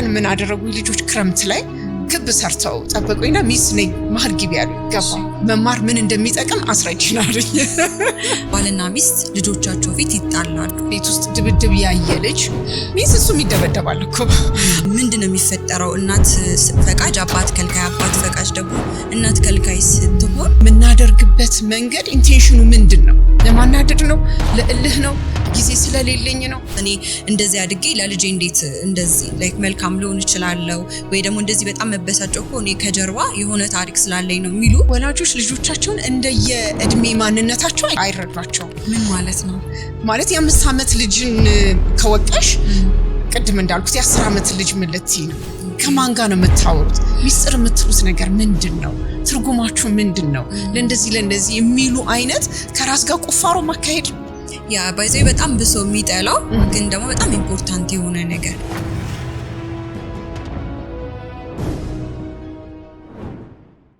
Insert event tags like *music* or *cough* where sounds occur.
ቀን ምን አደረጉኝ ልጆች ክረምት ላይ ክብ ሰርተው ጠበቁኝና ሚስ ነኝ መሀል ግቢ ያሉ ገባ መማር ምን እንደሚጠቅም አስረጅናልኝ። *laughs* ባልና ሚስት ልጆቻቸው ፊት ይጣላሉ። ቤት ውስጥ ድብድብ ያየ ልጅ ሚስ እሱም ይደበደባል እኮ ምንድን ነው የሚፈጠረው? እናት ፈቃጅ፣ አባት ከልካይ ላይ ስትሆን የምናደርግበት መንገድ ኢንቴንሽኑ ምንድን ነው? ለማናደድ ነው? ለእልህ ነው? ጊዜ ስለሌለኝ ነው? እኔ እንደዚህ አድጌ ለልጄ እንዴት እንደዚህ ላይክ መልካም ሊሆን እችላለሁ ወይ ደግሞ እንደዚህ በጣም መበሳጨው እኮ እኔ ከጀርባ የሆነ ታሪክ ስላለኝ ነው የሚሉ ወላጆች ልጆቻቸውን እንደየ እድሜ ማንነታቸው አይረዷቸውም። ምን ማለት ነው? ማለት የአምስት ዓመት ልጅን ከወቀሽ ቅድም እንዳልኩት የአስር ዓመት ልጅ ምልት ነው ከማን ጋር ነው የምታወሩት? ሚስጥር የምትሉት ነገር ምንድን ነው? ትርጉማችሁ ምንድን ነው? ለእንደዚህ ለእንደዚህ የሚሉ አይነት ከራስ ጋር ቁፋሮ ማካሄድ ያ ባይዘ በጣም ብሶ የሚጠላው ግን ደግሞ በጣም ኢምፖርታንት የሆነ ነገር